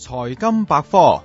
財經百科。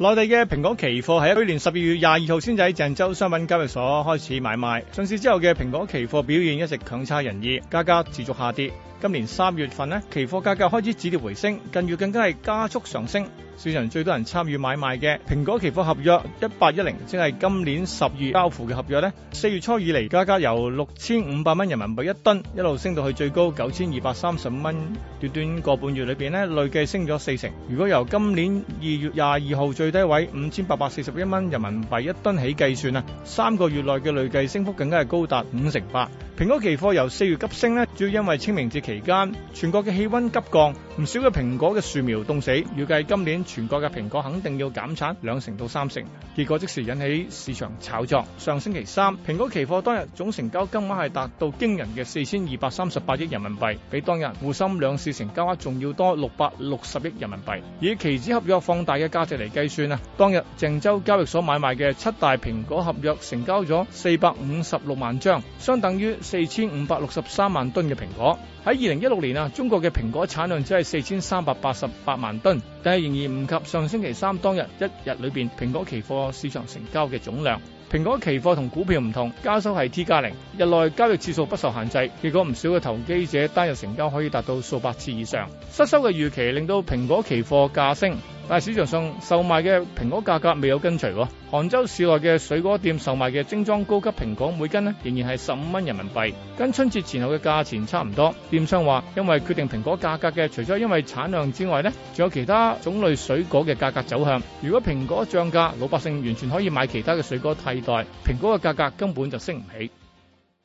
內地嘅蘋果期貨喺去年十二月廿二號先至喺鄭州商品交易所開始買賣。上市之後嘅蘋果期貨表現一直強差人意，價格持續下跌。今年三月份呢，期貨價格開始止跌回升，近月更加係加速上升。市場最多人參與買賣嘅蘋果期貨合約一八一零，即係今年十月交付嘅合約呢，四月初以嚟，價格由六千五百蚊人民幣一噸，一路升到去最高九千二百三十五蚊。短短個半月裏面呢，累計升咗四成。如果由今年二月廿二號最最低位五千八百四十一蚊人民幣一噸起計算啊，三個月內嘅累計升幅更加係高達五成八。蘋果期貨由四月急升呢，主要因為清明節期間全國嘅氣溫急降，唔少嘅蘋果嘅樹苗凍死，預計今年全國嘅蘋果肯定要減產兩成到三成。結果即時引起市場炒作。上星期三，蘋果期貨當日總成交金額係達到驚人嘅四千二百三十八億人民幣，比當日滬深兩市成交額仲要多六百六十億人民幣。以期指合約放大嘅價值嚟計算啊，當日鄭州交易所買賣嘅七大蘋果合約成交咗四百五十六萬張，相等於。四千五百六十三萬噸嘅蘋果，喺二零一六年啊，中國嘅蘋果產量只係四千三百八十八萬噸，但係仍然唔及上星期三當日一日裏邊蘋果期貨市場成交嘅總量。蘋果期貨同股票唔同，交收係 T 加零，0，日內交易次數不受限制，結果唔少嘅投機者單日成交可以達到數百次以上。失收嘅預期令到蘋果期貨價升。但係市場上售賣嘅蘋果價格未有跟隨。杭州市內嘅水果店售賣嘅精裝高級蘋果每斤呢，仍然係十五蚊人民幣，跟春節前後嘅價錢差唔多。店商話，因為決定蘋果價格嘅，除咗因為產量之外呢，仲有其他種類水果嘅價格走向。如果蘋果漲價，老百姓完全可以買其他嘅水果替代，蘋果嘅價格根本就升唔起。